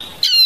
you